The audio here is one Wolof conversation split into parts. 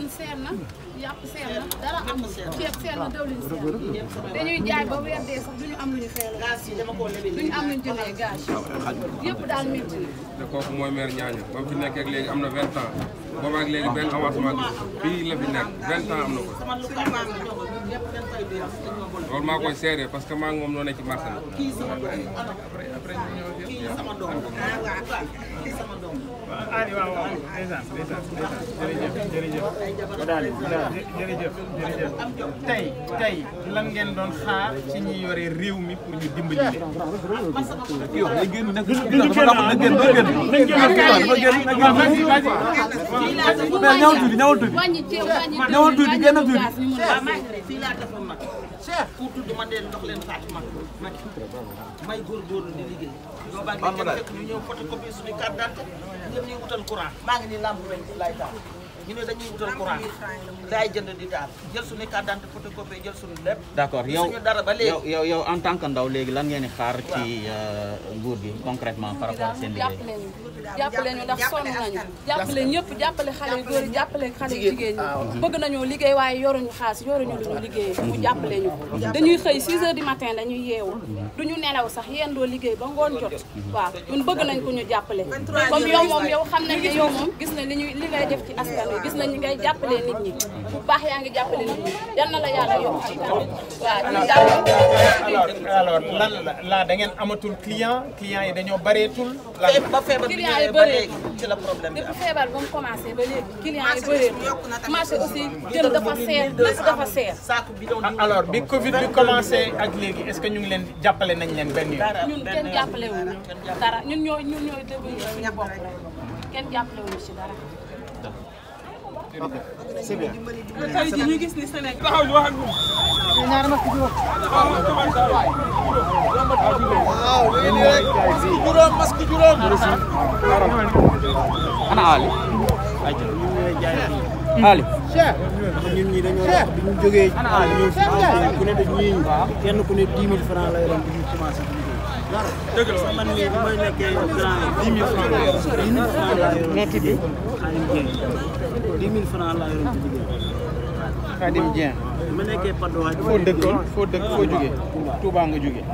jën seen na dara amul na dawlin dañuy jaay ba weer dee sax duñu am luñu fee la duñu yëpp daal métti na kooku mooy maire Niania ba mu nekk ak léegi am na vingt ans booba ak léegi benn avancement bi fii la fi nekk vingt am na ko loolu maa koy seere parce que maa ngi moom noo ci marché la Ali waaw waaw ndeysaan ndeysaan jërëjëf jërëjëf jërëjëf jërëjëf tey tey lan ngeen doon xaar ci ñi yore réew mi pour ñu dimbali leen yow na génn nag duñu génn na génn na génn na génn na génn na génn ñëwal tuuti ñëwal tuuti ñëwal tuuti génn tuuti fii laa defoon ma pour tudd ma dee ndox leen faat ma may góorgóorlu di liggéey doo baa ngi kenn fekk ñu ñëw photocopie suñu carte d'identité dem maa ngi nii lamb lañ lay taal ñu ne dañuy wutal courant di taal jël suñu carte d'identité photocopie jël suñu lépp d'accord yow dara ba léegi yow yow en tant que ndaw léegi lan ngeen di xaar ci euh, nguur gi concrètement par rapport seen jàppale ñu ndax sonn nañu jàppale ñëpp jàppale xale yu góor yi jàppale xale yu jigéen ñi bëgg nañoo liggéey waaye yoruñu xaas yoruñu lu ñu liggéey mm-hmm. mu jàppale ñu dañuy xëy 6 heures du matin dañuy yeewu duñu nelaw sax yéen doo liggéey ba ngoon jot mm-hmm. waaw ñun bëgg nañ ku ñu jàppale comme yow na li ñuy li ngay def ci askan wi gis nañ ñi ngay jàppale nit ñi bu baax yaa ngi jàppale nit ñi yal na la yàlla yokk ci waaw alors lan la da ngeen amatul client bareetul ba feebar client yi bëree ci la problème bi depuis feebar ba mu commencé ba léegi client yi bëree marché aussi jënd dafa seer lépp dafa seer alors bi Covid bi commencé ak léegi est-ce que ñu ngi leen jàppale nañ leen benn yoon ñun kenn jàppale wuñu dara ñun ñooy ñu ñooy déglu ñun bopp kenn jàppale wuñu si dara c'est bien. tey jii ñu gis ni Sénégal. taxaw ñu wax ak moom. ñaar ma ci juróom. waaw léegi nii rek. masque juróom masque juróom. ana Ali. Ali. ñun ñi dañoo wax bi ñu jógee. ñëw fi ku ne dañuy kenn ku ne 10 000 francs lay doon bi ñu commencé dëgg la man mii bi may nekkee grand 10 000 francs 10 000 francs laa yor. dix mille franc laa ma nekkee Padoa. foo dëkkoon foo dëkk foo jógee. Touba nga jógee.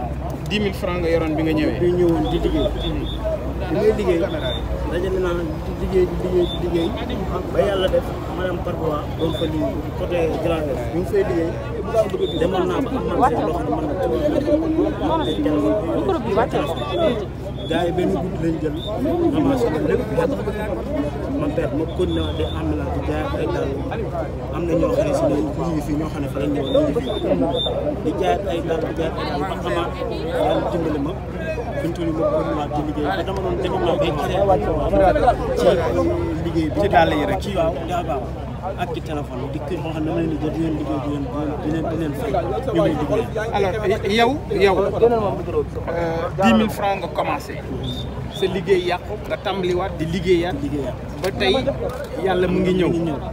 dix mille franc nga yoroon bi nga ñëwee. bi di liggéey. bi ngay liggéey dajale naa di liggéey di liggéey di liggéey ba yàlla def ma dem Padoa doon fa liggéey côté ma père ma continué di am la di jaay ay dàll am na ñoo xam ne si ñoom ñu ngi fi ñoo xam ne fa la ñu ñëw ñu ngi fi di jaay ay dàll di jaay ay dàll ba xamaat yàlla dimbali ma fi mu toll nii ma continué di liggéey ba dama doon defoon naa bay créé ci liggéey bi ci dàll yi rek ci waaw daa baax ak ci téléphone di kër moo xam ne dama leen di jël di leen liggéey di leen di leen di leen fay ñu ngi liggéey. alors yow yow 10 euh, 000 francs nga commencé. sa liggéey yàqu nga tàmbaliwaat di liggéeya ba tey yàlla mu ngi ñëw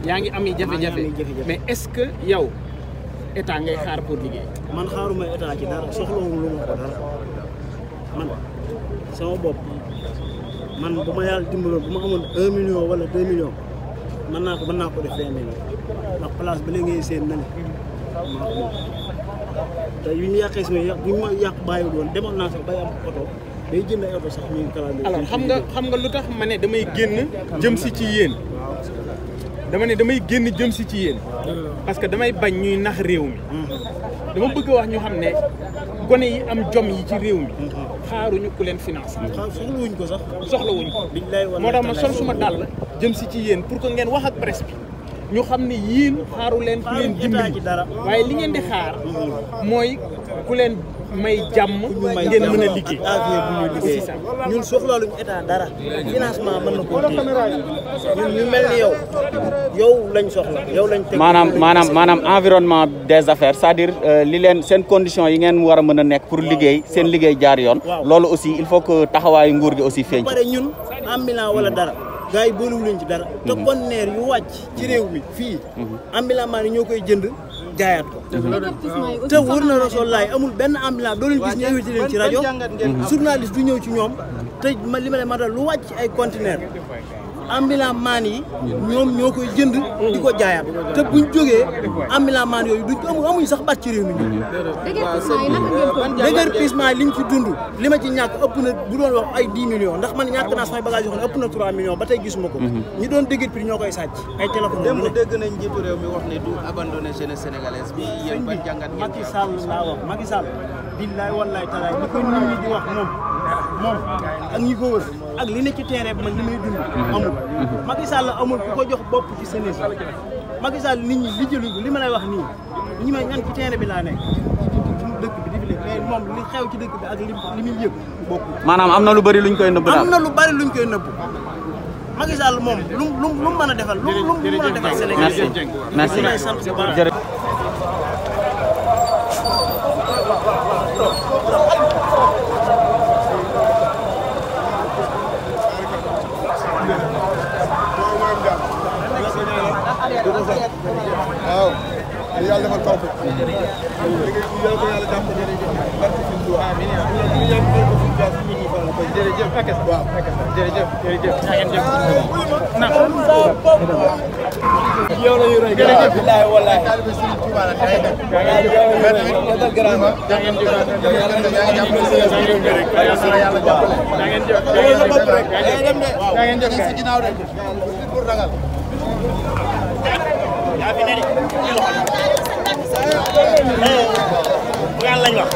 yaa ngi am jafe-jafe mais est-ce que yow état ngay xaar pour liggéey man xaaruma état ci dara soxlawu lu ma ko dara man sama bopp man bu ma yàlla million wala deux millions mën naa ko mën naa ko def vingt millions ndax place ba la ngay seen nane te yu ñu yàqee sama yàq bu ñu demoon naa sax bay am oto day jënd ay oto sax ñu calendrier alors xam nga xam nga lu tax ma ne damay génn jëm si ci yéen dama ne damay génn jëm si ci yéen parce que damay bañ ñuy nax réew mi dama bëgg wax ñu xam ne gone yi am jom yi ci réew mi xaaruñu ku leen finance soxlawuñ ko sax soxlawuñ ko moo tax ma sol suma dàll jëm si ci yéen pour que ngeen wax ak presse bi ñu xam ne yéen xaaru leen ku leen dimbali waaye li ngeen di xaar mm-hmm. mooy ku leen may jàmm ngeen mën a liggéey. c'est ça ñun soxlaaluñu état dara financement mën na koo téye ñun ñu mel ni yow yow lañ soxla yow lañ. teg maanaam maanaam maanaam environnement des affaires cest dire euh, li leen seen conditions yi ngeen war a mën a nekk pour liggéey seen liggéey jaar yoon. lool aussi il faut que taxawaayu nguur gi aussi feeñ. pare ñun ambulant wala dara. gars yi boolewul ci dara. te mhm. conteneur yu wàcc ci réew mi fii. Mhm. ambulant maa ni ñoo koy jënd. jaayaat ko te wër na rasulaay amul benn ambulance doo leen gis ñu invité leen ci rajo mm-hmm. journaliste du ñëw ci ñoom te li ma leen ma lu wàcc ay conteneur ambulant maan yi ñoom ñoo koy jënd di ko jaayaat te buñ jógee ambulant maan yooyu duñ amu amuñ sax baat ci réew mi ñu déguerpissement yi liñ fi dund li ma ci ñàkk ëpp na bu doon wax ay 10 millions ndax man ñàkk naa samay bagage yoo ne ëpp na 3 millions ba tey gisuma ko ñi doon déguerpi ñoo koy sàcc ay téléphone démb dégg nañ njiitu réew mi wax ne du abandonné jeunesse sénégalaise bi yéen ban jàngat Macky Sall laa wax Macky Sall billaay wallaay di wax moom moom ñi ko wër ak li ne ci terrain bi man li may dund mhm. amul Macky Sall amul ku ko jox bopp ci senis Macky Sall nit ñi li jëluñu li ma lay wax nii ñi ma ñan ci terrain bi laa nekk dëkk bi di fi li xew ci dëkk bi ak li li muy yëg bokkul maanaam am na lu bari luñ koy nëbb am lu bari luñ koy nëbb Macky Sall moom lu lu lu mën a defal lu lu mën a defal Sénégal merci merci yàlla defal taw bi. liggéey bi yàlla ko yàlla jàppale. barke Sëñ Tuubaa amiin amiin ñu ñaan ko suñu jaas ñu ñu faral ko jërëjëf ak waaw jërëjëf jërëjëf na ngeen jëf na yow la yu rëy jërëjëf billahi wallahi taalibe Sëñ Tuubaa la ngay def da ngeen jëf da ngeen jëf da ngeen jëf da ngeen jëf ci ginnaaw rek pour ragal yaa fi ne Bougane lañ wax.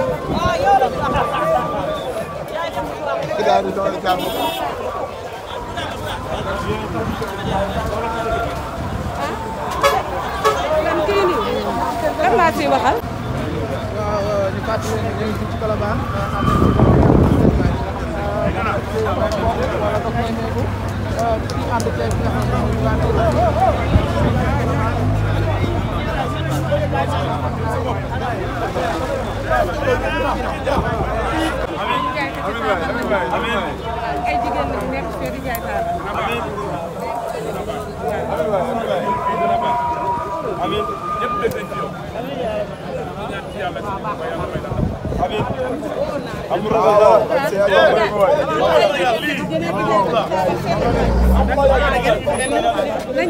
kan laa ciy waxal. waaw ñu fàttali ne ñu ngi fii ci Colobane am nañu wala ko koy néegu di ànd ceeg nga xam ne Lan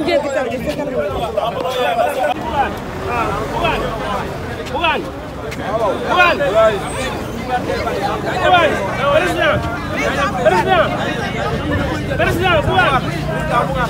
gel bir tane. Bukan. Bukan. Bukan. Bukan. Terusnya. Terusnya. Terusnya, bukan. Bukan.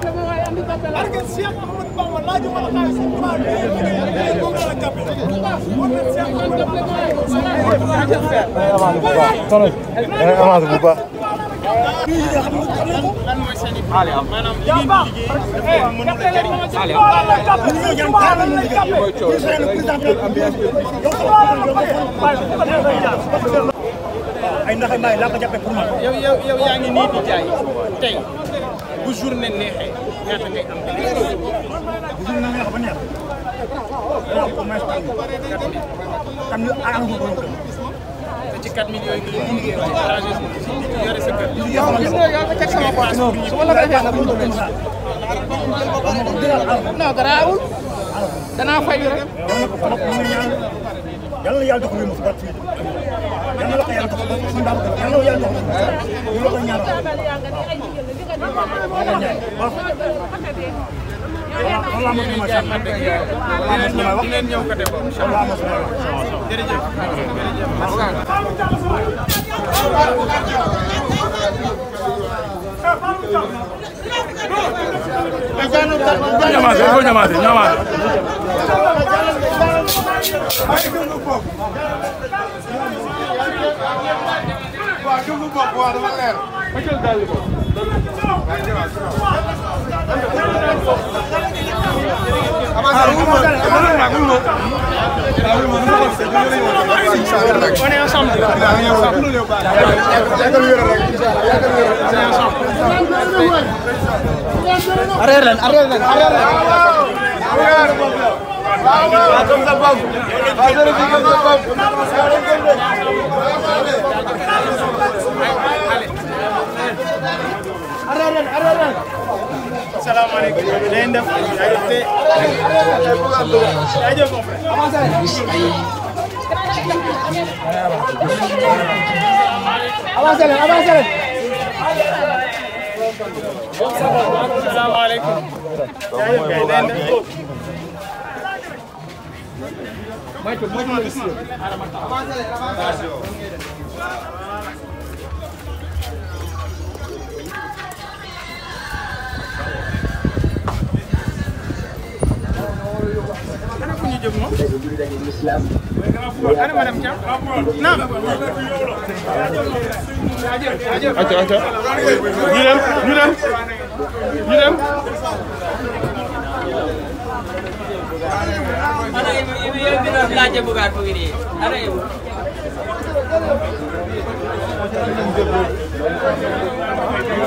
barke Cheikh Ahmadou Bamba laaju ma la xaalis ma liggéey moom laa la jàppe moom la Cheikh Ahmadou Bamba avance bu baax ay ndax mbaay laa ko jàppe pour man yow yow yow yaa ngi nii di jaay tey bu journée neexee ñaata ngay am. bu journée neex ba neex au moins tam ñu aar ko borom te ci 4 millions yi ñu liggéey waaye arrangé yore sa kër. yow gis nga yow teg sama poids su ma la ko joxee non garaawul danaa fay rek. yàlla na yàlla jox ko mos a bàtt yàlla na la ko yàlla jox ko mos a bàtt yàlla na la yàlla jox ko mos a bàtt waaw jël dàll ko On est ensemble. Arrière leen, arrière leen, arrière leen. waaw waaw waaw comme ça boobu. waaw jërëjëf comme ça boobu. salaamaaleykum day def ay te ay jëf mon frère avancez leen avancez leen salaamaaleykum day def jëm moom. ana madame naam. jaajëf jaajëf. ñu dem ñu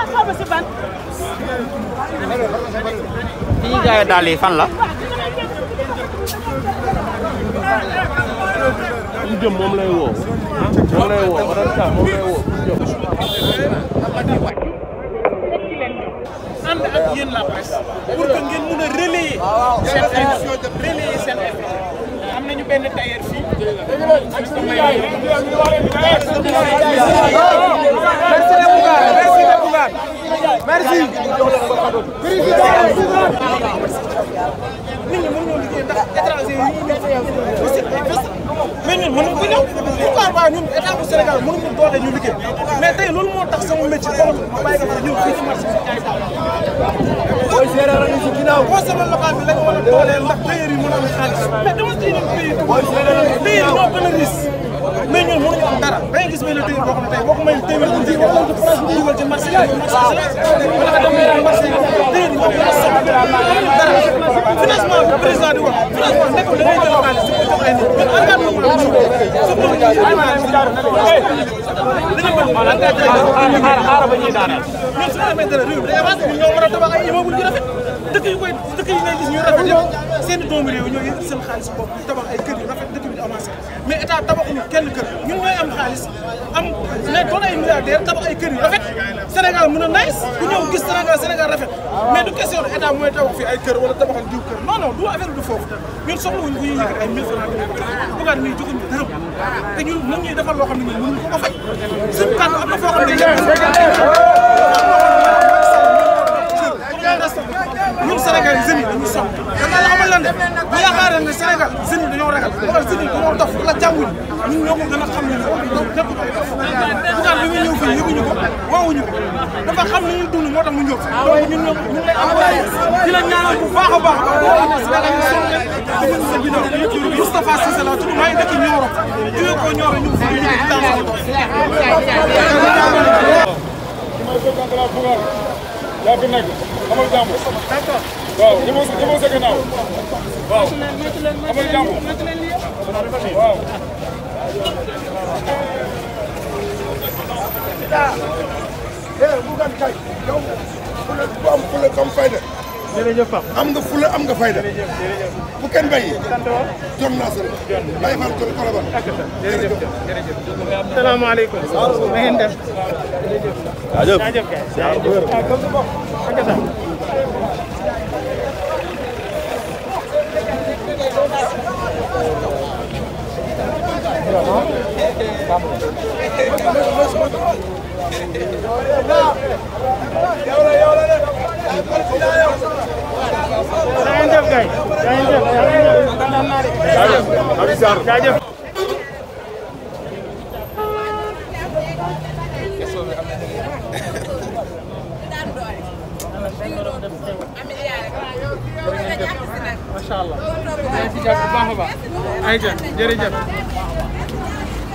fi ñuy jaayee daal yi fan la. ñu jëm moom lay woo. moom lay woo moom lay woo ànd ak yéen la presse pour que ngeen mën a relayer seen émission relayer seen émission am nañu benn tailleur fii ak sama yaay Bougane merci. nit ñi mënuñoo liggéey ndax étranger yi ñu mais ñun mënuñu ko ñëw pourquoi pas ñun état bu Sénégal mënuñu doole ñu liggéey mais tey loolu moo tax sama métier xool ma bàyyi ko fa ñëw fii ci marché bi jaay booy séeréer lañu ci ginnaaw boo sama local bi lañ war a dooleel ndax tailleur yi mën a am xaalis mais dama ciy dem pays yi. booy séeréer lañu ci ginnaaw pays yi ñoo gën a risque. may la téeméer boo xam ne tey boo ko mayee téeméer bu njëkk wala France bu dugal ci marché yi wala nga dem may daal marché yi déedéet moom dina sax dara financement bu président di wax financement nekkul da ngay jël xaalis su ko jox ay nit ñun engagement bu la ñu su ko dañu bëgg xaaral xaaral ba ñuy daaneel ñun su ñu demee dara réew mi day avancé ñun ñoo war a tabax ay immeuble yu rafet dëkk yu koy dëkk yi ngay gis ñu rafet yëpp seen doomu réew ñoo yëg seen xaalis bopp tabax ay kër yu rafet dëkk mais état tabaxuñu kenn kër ñun ñooy am xaalis am mais doon ay milliardaire tabax ay kër yu rafet Sénégal mën a nice ku ñëw gis Sénégal Sénégal rafet mais du question état mooy tabax fii ay kër wala tabaxal diw kër non non du affaire du foofu ñun soxlawuñu ku ñuy yëkkati ay mille francs bugaat nii joxuñu dërëm te ñun nag ñuy defal loo xam ñun mënuñu ko fay suñu kàddu am na foo xam ne ñun Sénégal yi jeunes yi dañuy sonn dana la xamal ne Sénégal jeunes yi dañoo ragal wala jeunes yi dañoo dof la jànguñ ñun ñoo ko gën a xam ne donc lépp bugaan bi nga ko woowuñu ni ñun ñoo ñun lay envoyé di la ñaanal bu baax la tudd maa ngi dëkk Nioro amal jàmm. d'accord waaw ñëwoo sa ñëwoo sa gannaaw. waaw amal jàmm. waaw. yow bu am fële comme fayda am nga fula am nga fayda bu kenn bàyyi jot naa solo bàyyi fan tool koloban jërëjëf jërëjëf salaamaaleykum na ngeen def jaajëf jaajëf Macha Allah. Jërëjëf.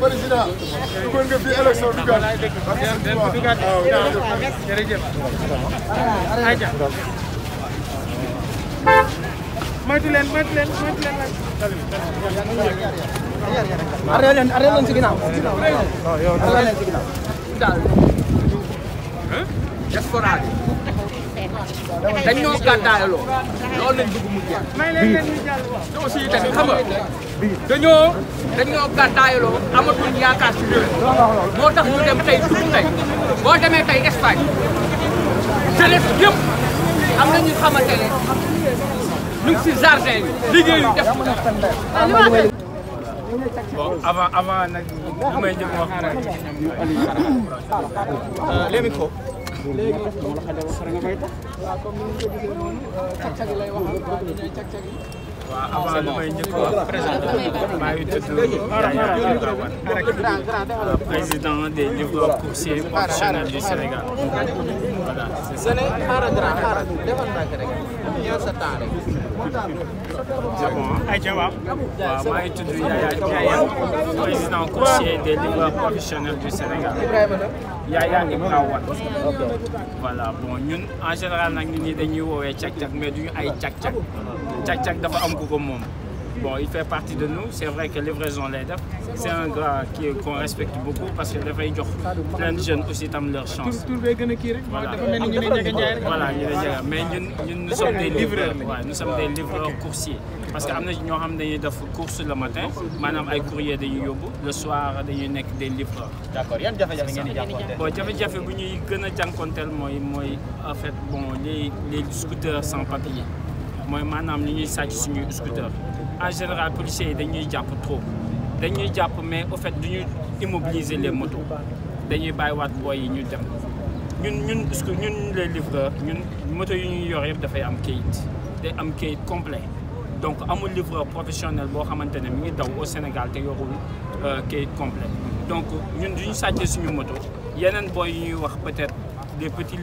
président duggoon nga fi élection duggaat. waaw duggaat jërëjëf. ayca. moytu leen moytu leen moytu leen nag. arrêté leen arrêté leen si ginnaaw. arrêté leen si ginnaaw. dañ ñoo gàddaayaloo loolu lañ may leen leen ñu jàll waaw. dañoo. dañoo gàddaayaloo amatuñ yaakaar si réew moo tax ñu dem tey dugg tey boo demee tey Espagne jeunesse yëpp am na ñu xamante ne ñu ngi si jardin yi liggéeyu def bon avant avant nag li may njëkk wax mooy euh, les micros léegi comme ni ñu ko gisee noonu cag-cag lay waxal waaw ñu ne cag-cag yi waaw avant li may njëkk a présenté maa ngi tudd Yaya Diouga Wane euh, des livreurs coursiers professionnels du Sénégal ayca waaw. waaw maa ngi tudd Yaya Yaya président conseiller des livreurs professionnels du Sénégal Yaya Ibra Wane. voilà bon ñun en général nag nit ñi dañuy woowee càq-càq mais duñu ay càq-càq. càq-càq dafa am ku moom. Bon, il fait partie de nous. C'est vrai que livraison lay un gars qui qu'on respecte parce que dafay jox plein de jeunes aussi tam leur chance. voilà voilà mais ñun ñun nous sommes des livreurs coursiers. parce que am na ñoo xam ne dañuy def course le matin maanaam ay courrier dañuy yóbbu le soir dañuy nekk des livreurs. d'accord yan jafe-jafe ngeen di jànkuwanteel. bon jafe-jafe bu ñuy gën a jànkuwanteel mooy mooy en fait bon les les scooters sans papier mooy maanaam li ñuy sàcc suñuy scooters. en général policiers yi dañuy jàpp trop dañuy jàpp mais au fait duñu immobiliser leen moto dañuy bàyyiwaat booy yi ñu dem ñun ñun parce que ñun les livreurs ñun moto yu ñuy yor yëpp dafay am kayit day am kayit complet donc amul livreur professionnel boo xamante ne mi ngi daw au Sénégal te yorul euh, kayit complet donc ñun du ñu sàccee suñu moto yeneen booy yu ñuy wax peut-être des petits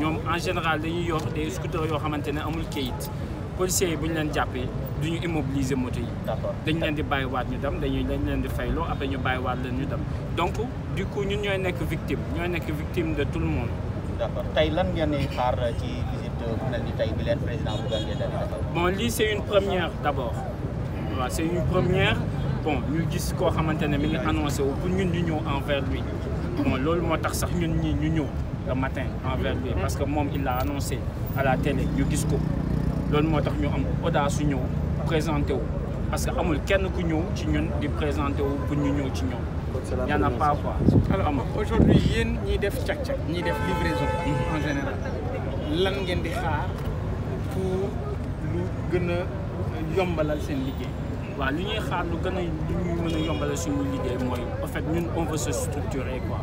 ñoom en général dañuy yor des scooters yoo xamante ne amul kayit. policiers yi bu ñu leen jàppee du ñu immobiliser moto yi. d'accord dañu leen di bàyyiwaat ñu dem dañuy dañ leen di fayloo après ñu bàyyiwaat leen ñu dem donc du coup ñu ñooy nekk victime ñooy nekk victime de tout le monde. tey lan ngeen di xaar ci visite bu mel ni tey lii c'est une première d'abord waaw c'est une première bon ñu gis koo xamante ne mi ngi annoncé wu pour ñun ñu ñëw envers lui bon loolu moo tax sax ñun ñii ñu ñëw le matin envers lui parce que moom il l'a annoncé à télé ñu gis ko. loolu moo tax ñu am audace su ñëw présenté wu parce que amul kenn ku ñëw ci ñun di présenté wu pour ñu ñëw ci ñoom. y en a pas quoi. alors aujourd'hui yéen ñiy def càq-càq ñiy def livraison. Mhm. en général lan ngeen di xaar pour lu gën a yombalal seen liggéey. waa li ñuy xaar lu gën a lu ñuy mën a yombalal suñu liggéey mooy en fait ñun on veut se structurer quoi.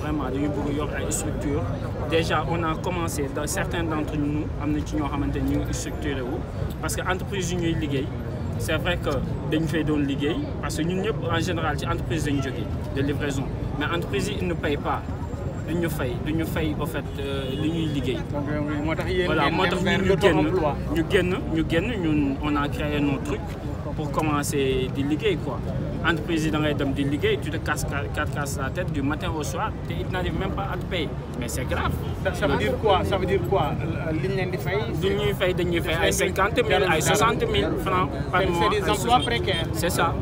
vraiment dañu bëgg yokk ay structure déjà on a commencé dans certains d'entre nous am na ci ñoo xamante ni ñu wu parce que entreprise yu ñuy liggéey c'est vrai que dañu fay doon liggéey parce que ñun ñëpp en général ci entreprise dañu jógee de livraison mais entreprise yi ils ne pay pas duñ ñu fay duñ ñu fay en fait euh, li ñuy liggéey. Euh, moo tax voilà moo tax ñun ñu génn ñu génn ñu génn ñun on a créé nos trucs pour commencer di liggéey quoi. entreprise yi da ngay dem di liggéey tu le casses quatre casses la tête du matin au soir te ils n'arrivent même pas mais c' grave. ça veut dire quoi ça veut dire quoi li ñu leen di fay. du ñuy fay ay cinquante ay soixante mille francs par mois c'est des ça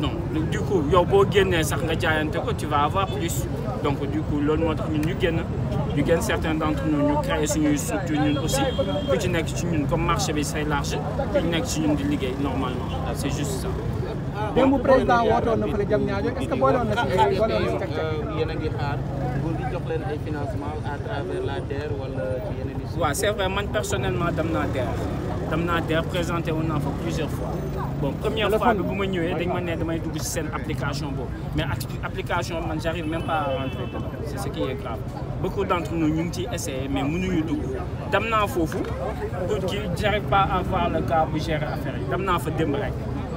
non du coup yow boo génnee sax nga jaayante ko tu vas avoir plus donc du coup loolu moo tax ñun ñu génn. ñu gën certains d' entre nous ñu créé suñuy structure ñun aussi ku ci nekk ci ñun comme marché bi say large ku ci nekk ci ñun di liggéey normalement c' est juste ça. démb président wootoon na fële jam ñaajo euh, euh, a ngi i. man personnellement dem naa DER dem naa DER présenté woon naa fa plusieurs fois. bon première fois bi bu ma ñëwee dañ man ne damay dugg si seen application boobu mais application man j'arrive même pas à rentrer dedans c'est ce qui est grave beaucoup d'entre nous ñu ngi ciy essayer mais mënuñu dugg dem naa foofu pour ci j'arrive pas à voir le bu gérer affaire yi dem naa fa démb rek.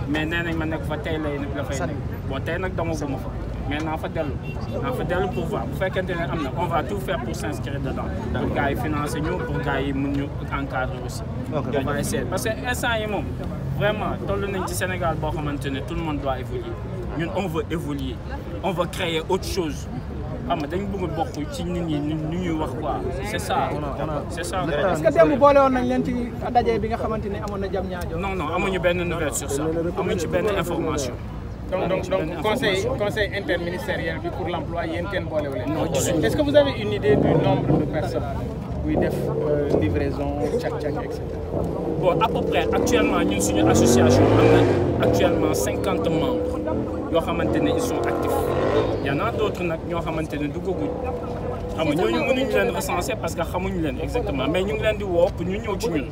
mais nee nañ ma nekk fa tey lay nag la fay nekk bon tey nag damaguma fa mais naa fa dellu naa bu fekkente ne am na on va tout faire pour s'inscrire dedans pour gars yi financer ñu pour gars mun ñu encadrer aussi parce que instant yi moom vraiment toll nañ ci Sénégal boo xamante ne tout le monde doit évoluer ñun on veut évoluer on veut créer autre chose xam nga dañ bëgg a bokk ci nit ñi ni ñuy wax quoi c' est ça. c' bi nga xamante ne amoon na jam ñaajo. non non amuñu benn nouvelle sur ça amuñu benn information. donc donc donc conseil conseil interministériel bi pour l' emploi yéen kenn boolewu leen. non est ce def euh, livraison càq càq et cetera. bon à peu près actuellement ñun suñu association am actuellement cinquante membres yoo xamante ne ils sont y en a nag ñoo xamante ne duggaguñ xam nga ñooñu mënuñ leen recenser parce que xamuñu leen exactement mais ñu ngi leen di woo pour ñu ñëw ci ñun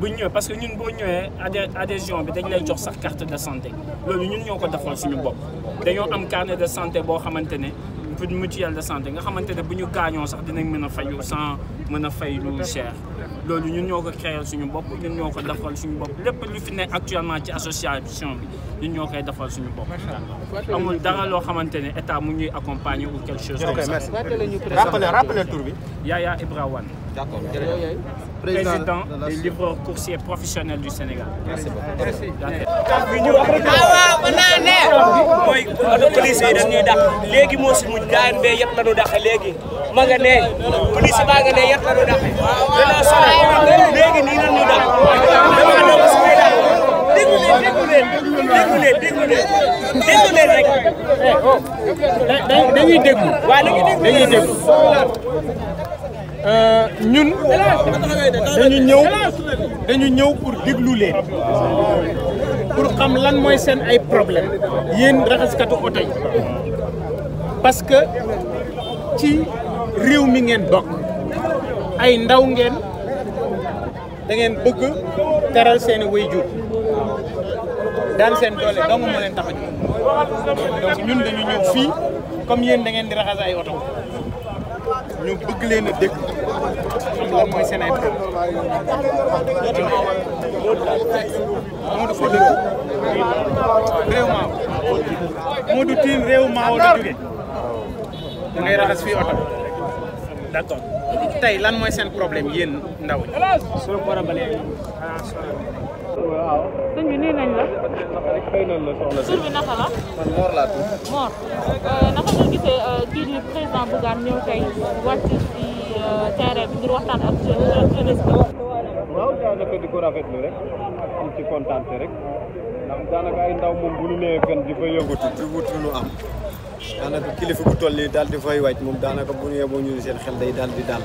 buñ ñëwee parce que ñun boo ñëwee adhésion bi dañ lay jox sax carte de santé loolu ñu ñoo ko defal suñu bopp dañoo am carnet de santé boo xamante ne pour mutuelle de santé nga xamante ne bu ñu gaañoo sax dinañ mën a fayu sans mën a fay lu cher loolu ñun ñoo ko créer suñu bopp ñun ñoo ko defal suñu bopp lépp lu fi ne actuellement ci association bi ñun ñoo koy defal suñu bopp. amul dara loo xamante ne état mu ñuy accompagner ou quelque chose. ok merci rappelez rappelez tur bi. Yaya Ibra Wane. président des livreurs coursiers professionnels du Sénégal. merci beaucoup merci. waaw mën naa ne. mooy oto police yi dañuy dàq léegi moo si mujj gars yi yëpp la ñu dàq léegi ma nga ne police baa nga ne yëpp la ñu dàq. dina sonal léegi nii la ñu dàq. dama la doon suñuy dàq déglu leen déglu leen déglu leen déglu leen rek. Eh, oh. dañuy déglu. waaw dañuy déglu dañuy déglu. Euh, ñun dañu ñëw dañu ñëw pour déglu leen pour xam lan mooy seen ay problème yéen raxaskatu oto yi parce que ci réew mi ngeen bokk ay ndaw ngeen da ngeen bëgg teral seeni waajur daan seen doole dong moo leen tax a ñun dañu ñëw fii comme yéen dangeen ngeen di raxas ay oto ñu bëgg leen a dégg xam lan moo Sénégal Modou foo dëkk réew Maaw Modou Tine réew Maaw la jóge da ngay raxas fii oto d'accord lan mooy seen problème yéen ndaw ñi. waaw sëñ bi nii nañ la. xëy la soxna si. bi naka la. man Mor laa euh, gisee euh, kii di président Bougane ñëw tey wàcc ci euh, terrain bi ngir waxtaan ak jeunesse bi. waaw ko rafetlu rek ñu kontaan rek ndax daanaka ay ndaw moom bu ñu nee fenn di fa yëngatu di wut lu ñu am. daanaka kilifa bu toll nii daal di fay wàcc moom daanaka bu ñu yeboo ñu seen xel day daal di daal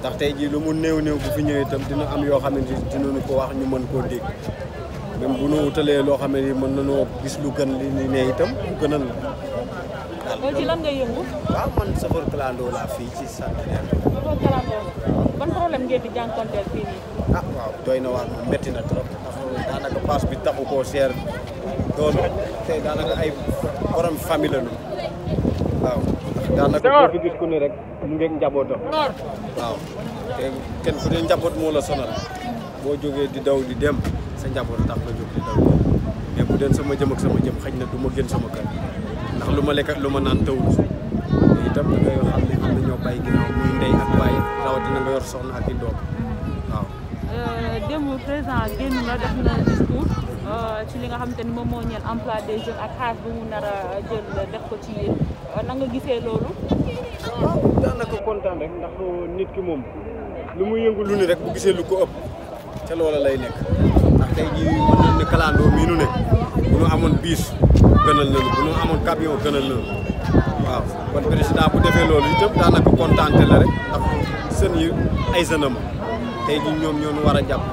ndax tey jii lu mu néew néew bu fi ñëwee itam dina am yoo xamante ni dinañu ko wax ñu mën koo dégg. même bu ñu wutalee loo xam ne mën nañoo gis lu gën li ni ne itam la. waaw ah, waaw daanaka paas bi taxu koo seer doonu te daanaka ay borom famille la ñu waaw. daanaka boo fi gis ku ne rek mu ngeeg njabootam. waaw te kenn ku ne njaboot moo la sonal boo jógee di daw di dem. sa njaboot tax ma jóg sama jëm ak sama jëm na du ma gën sama kër lu ma lekk ak lu naan tawul te itam da ngay xam ne am na ñoo bàyyi euh, euh, ci li nga xamante ni moom a jël ko ci yéen euh, na loolu. daanaka kontaan rek ndax nit ki moom lu muy yëngu lu ni rek bu gisee lu ko ëpp ca loola lay nekk. tey jii mën nañ ne kalandoo ne bu ñu amoon biis gënal nañu bu ñu amoon camion gënal nañu waaw kon président bu defee loolu itam daanaka kontaante la rek ndax sën yi ay sënam tey jii ñoom ñoo ñu war a jàpp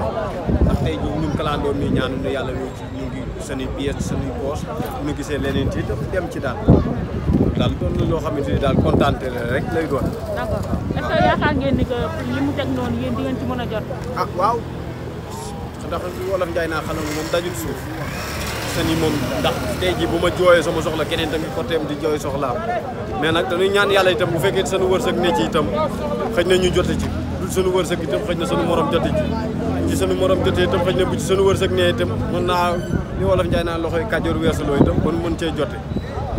ndax tey jii ñun kalandoo mii ñaanu ne yàlla ñu ci ñu ngi sëni pièce sëni poos ñu gisee leneen ci dem ci daal daal doon na loo xam ni daal kontaante la rek lay doon. d'accord est ngeen ni que li mu teg noonu ngeen ci mën a jot. Ah, ndax wolof njaay naa xalam moom dajul suuf seen yi moom ndax tey jii bu ma jooyee sama soxla keneen tamit côté am di jooy soxlaam mais nag dañuy ñaan yàlla itam bu fekkee sunu wërsëg ne ci itam xëj na ñu jote ci du sunu wërsëg itam xëj na sunu morom jote ci ci sunu morom jote itam xëj na bu ci sunu wërsëg ne itam mën naa li wolof njaay naa loxoy kàjjoor weesuloo itam kon mën cee jote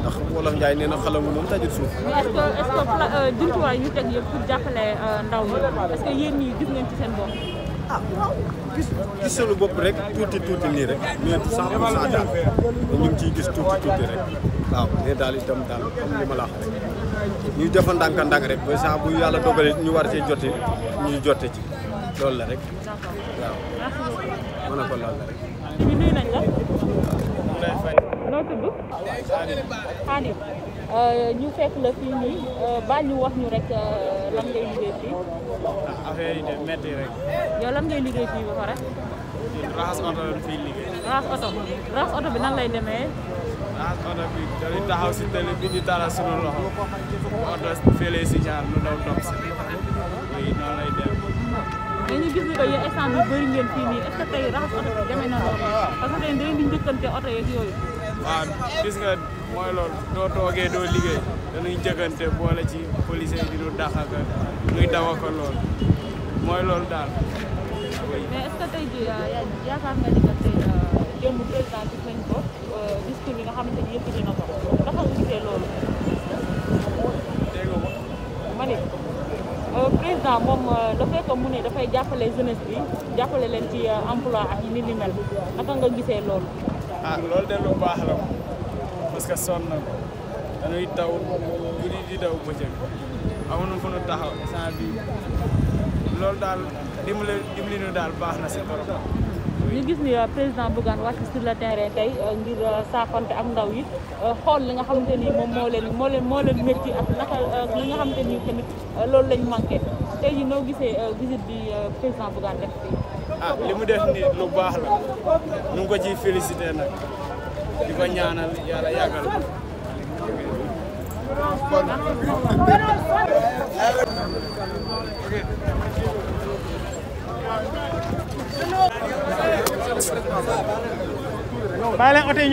ndax wolof njaay nee na xalam moom tajul suuf est-ce que est-ce que euh, jumtuwaay yu teg yëpp pour euh, ndaw ñi est que yéen ñi gis ah waaw gis sunu bopp rek tuuti tuuti nii rek mais cent pour cent daal ñu ngi ciy gis tuuti tuuti rek waaw mais daal itam daal comme li ma la wax rek ñuy defa ndànk ndànk rek ba saa bu yàlla dogalee ñu war see jote ñuy jote ci loolu la rek waaw mën na ko loolu la noo tudd. Xaadim. Euh, ñu fekk la fii nii euh, baal ñu wax ñu rek euh, lan ngay liggéey fii. ah de métti rek. yow lan ngay liggéey fii ba pare. raxas oto la liggéey. raxas oto raxas nan lay demee. raxas oto bi dañuy si télé bi di taral lay dem. dañuy gis ni que yéen instant ngeen fii nii est ce raxas oto bi demee na loolu parce que tey dañuy njëkkante oto yeeg yooyu. waaw gis nga mooy loolu doo toogee doo liggéey dañuy jëgante boole ci policier yi di nu dax nuy daw ak loolu mooy loolu daal. mais est tey jii euh, yaakaar nga ni tey euh, démb président gis ko discours euh, nga xamante loolu. dégg nga président moom dafay ko mu ne dafay jàppale jeunesse bi jàppale leen ci emploi ak yi ni mel naka nga gisee loolu. ah loolu de lu baax la parce que sonn na dañuy daw guddi di bi loolu daal dimbali dimbali ñu daal baax na si trop. ñu gis ni euh, président Bougane wàcc si le terrain tey euh, ngir euh, saafante ak ndaw yi xool li nga xamante ni moom moo leen moo leen moo métti ak naka li nga xamante ni tamit loolu lañ manqué tey jii noo gisee visite bi président Bougane def a ah, li mu def ni lu baax la ñu ko ciy félicité nag di ko ñaanal yàlla yàggal bàyyi leen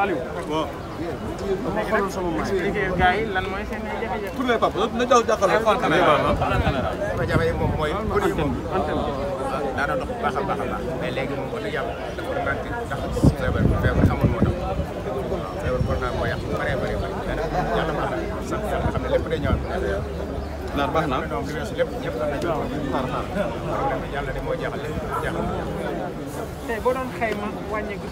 Saliou. waaw. léegi nag liggéey gaa yi lan mooy seen jafe-jafe. tourné papa na jaw jàkkaarloo xool caméra jafe-jafe yi moom mooy. antenne bi antenne bi. daanaka dox bu baax a baax a baax mais léegi moom wax dëgg yàlla dafa rëggante ndax feebar feebar xamul moo tax waaw feebar corona moo yàq bu bëree bëri bëri yàlla baax na sax yàlla xam ne lépp day ñëwaat naar baax na tey boo doon xayma wàññeeku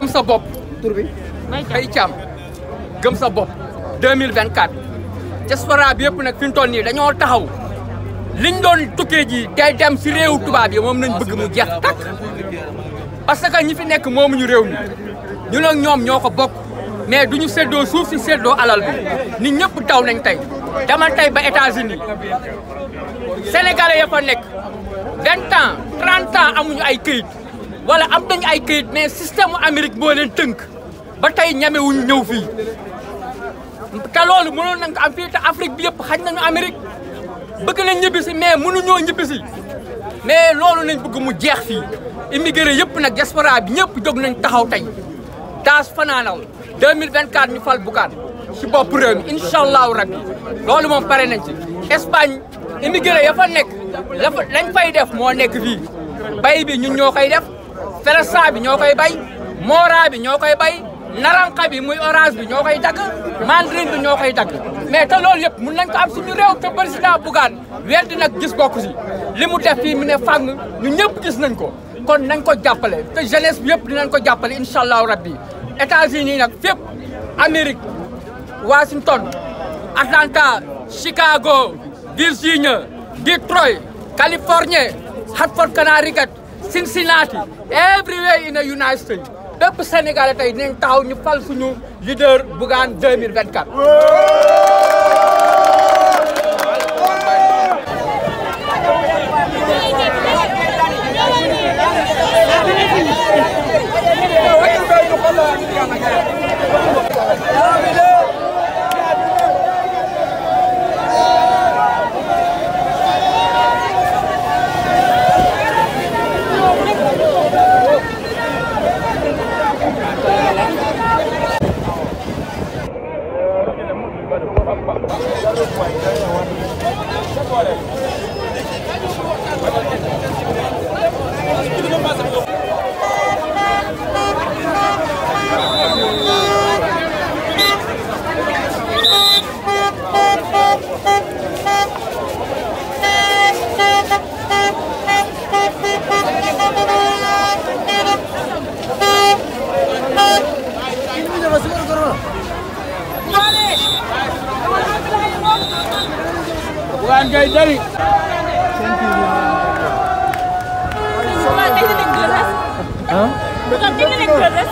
gëm sa bopp. tur bi Mbaye Thiam gëm sa bopp. 2024. diaspora bi yëpp nag fi toll nii dañoo taxaw. liñ doon tukkee ji tey si réewu tubaab yi moom nañ bëgg mu jeex takk parce que ñi fi nekk moomuñu réew mi ñun ak ñoom ñoo ko bokk. mais du ñu seddoo suuf si seddoo alal bi nit ñëpp taw nañ tey demal tay ba États-Unis sénégalais ya fa nekk vingt ans trente ans amuñu ay këyit wala am nañu ay këyit mais système Amérique boo leen tënk ba tey ñamewuñu ñëw fii te loolu mënoon nañ ko am fii te Afrique bi yëpp xaj nañu Amérique bëgg nañ si ñibbisi mais mënuñoo si mais loolu nañ bëgg mu jeex fii immigré yëpp nag diaspora bi ñëpp jóg nañ taxaw tey daas fanaanaw 2024 ñu fal Bougane ci bopp réew mi incha allahu rabbi loolu moom pare nañ ci Espagne immigré ya fa nekk lafa lañ fay def moo nekk fii bay bi ñun ñoo koy def feresa bi ñoo koy bay moora bi ñoo koy bay naranqa bi muy orange bi ñoo koy dagg mandarine bi ñoo koy dagg mais te loolu yëpp mun nañ ko am suñu réew te président Bougane weddi nag gis bokku si li mu def fii mu ne fàng ñu ñëpp gis nañ ko kon nañ ko jàppale te jeunesse bi yëpp nañ ko jàppale incha allahu rabbi États-Unis nag fépp Amérique Washington Atlanta Chicago Virginia Detroit California Hartford Connecticut Cincinnati everywhere in the United States bépp Sénégalais tey dinañ taxaw ñu fal suñu leader Bougane 2024 Ya ndeysaan ngay dari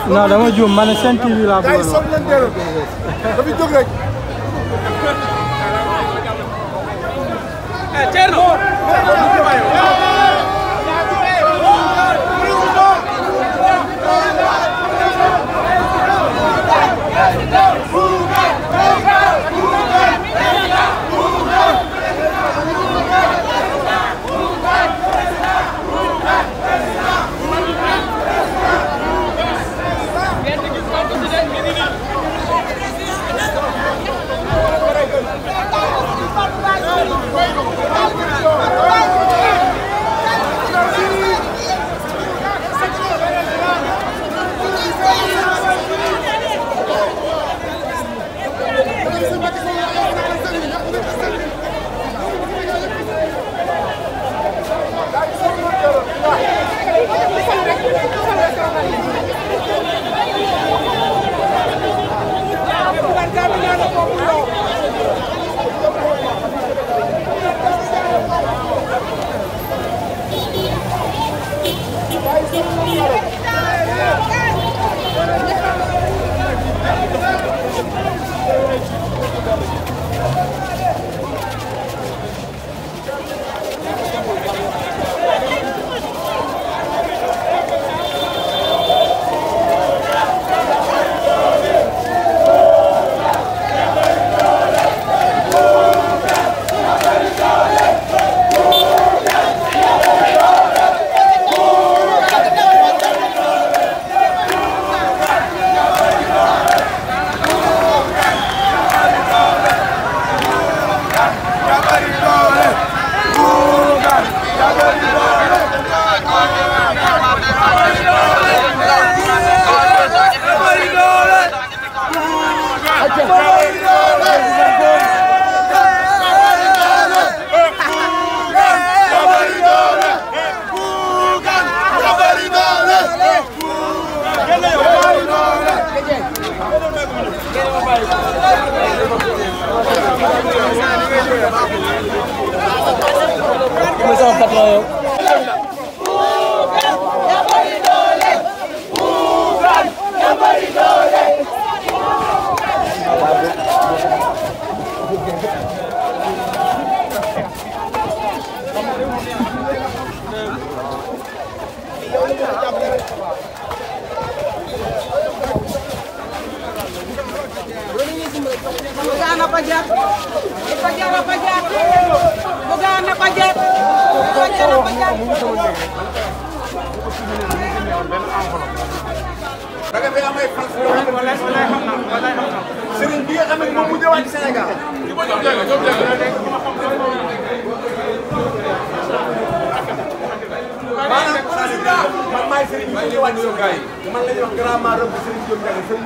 non dama juum ma ne Sen TV laa bëgg dafa jóg rek eh, Thierno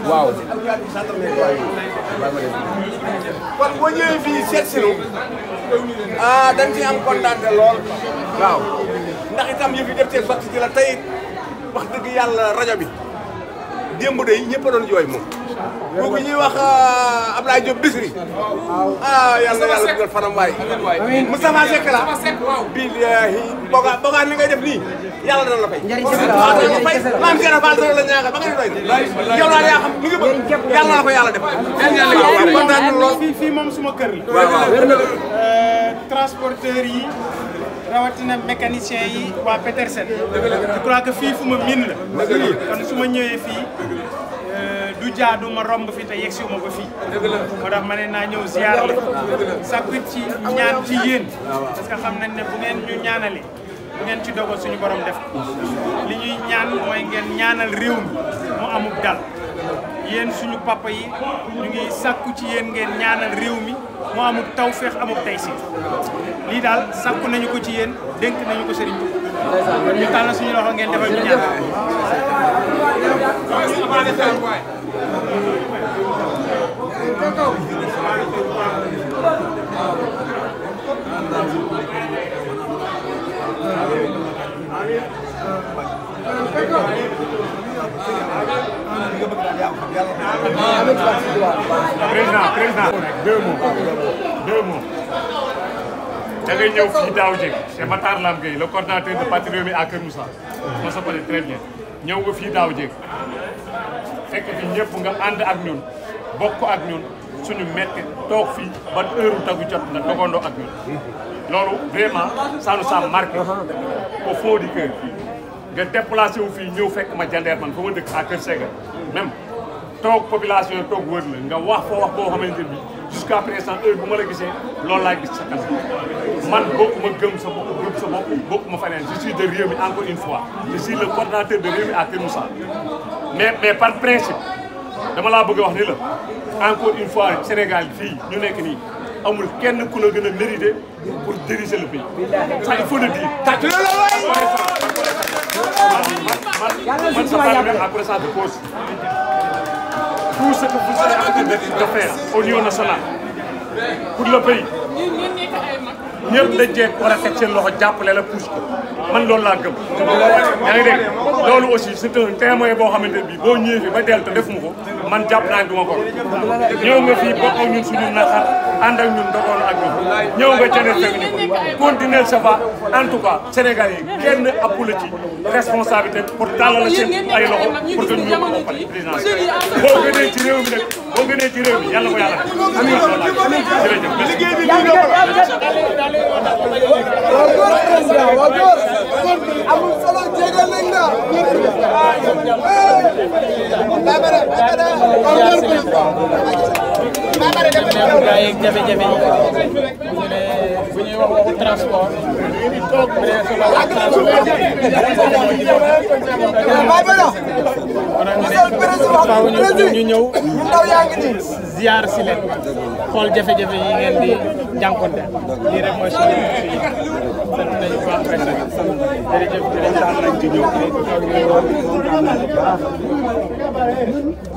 waaw. kon boo ñëwee fii seet si nu ah dañ ci am kontaante lool. waaw ndax itam yëf yi def teel bàq ci la tey wax dëgg yàlla rajo bi démb de ñëpp a doon jooy moom. kooku ñuy wax euh, Abdoulaye Diop Bichri ah yàlla yàlla la billahi boga boga ni nga def nii yàlla dana la fay maam Cheikh Fall dana la ñaaxal ba yàlla la ko yàlla def kontaan nañu lool fii moom suma kër la euh, transporteur yi rawatina mécanicien yi waa Petersen je crois fii fu miin la kon su ma ñëwee fii jaadu ma romb fi te yegsi ba fii. dëgg la moo tax ma ne naa ñëw ziar la. sakku ci ñaan ci yéen. parce xam nañ ne bu ngeen ñu ñaanale bu ngeen ci dogal suñu borom def li ñuy ñaan mooy ngeen ñaanal réew mi mu amub dal. yéen suñu papa yi ñu ngi sakku ci yéen ngeen ñaanal réew mi mu amub tawféex amub taysiir lii daal sakku nañu ko ci yéen dénk nañu ko sëriñ kon ñu tàllal suñu loxo ngeen defal ñu Président, président, deux mots, deux mots. da ngay ñëw fii daaw jéeg c'est Matar Lam Gueye le coordinateur de parti Rewmi à Kër Moussa. on se connaît ñëw nga fii daaw jéeg fekk fi ñëpp nga ànd ak ñun bokk ak ñun suñu metti toog fii ba heure tagu jot nga dogandoo ak ñun. loolu vraiment ça nous a marqué au fond du nga déplacé wu fii ñëw fekk ma jandeer man fa ma dëkk à Kër Sega même toog population toog wër la nga wax foo wax boo xamante ni. jusqu'à présent heure bu ma la gisee loolu laa gis sa man bokkuma gëm sa bopp gëm sa bopp bokkuma faneen je suis de encore une fois je suis le coordonnateur à Kër Moussa mais mais par principe dama laa bëgg a wax ni la encore une fois Sénégal fii ñu nekk nii amul kenn ku la gën a mérité pour diriger le pays ça il faut le dire tàcc man man man ça même à connaissance de cause tout ce que vous êtes en train de faire au niveau national pour le pays ñëpp dañ cee war a teg seen loxo jàppale la pousse ko man loolu laa gëm. yaa ngi dégg loolu aussi c'est un témoin boo xamante ne bii boo ñëwee fi ba dellu te defuma ko man jàpp naa duma ko ñëw nga fii bokk ak ñun suñu naxar ànd ak ñun dogoon ak ñun ñëw nga ca continuer sa fa en tout cas Sénégal yi kenn appu la ci responsabilité pour tàllal seen ay loxo pour que ñu yóbbu ko pare président boo gënee ci réew mi nag boo gënee ci réew mi yàlla ko yàlla def amiin jërëjëf merci même gars jafe-jafe yi bu ñu bu ñuy wax waxu transport. bu dee souvent wax transport. faaw ñu ñu ñëw ziar si leen xool jafe-jafe yi ngeen di jànkonte lii rek mooy suñu fii sant nañu baax rek nag jërëjëf jërëjëf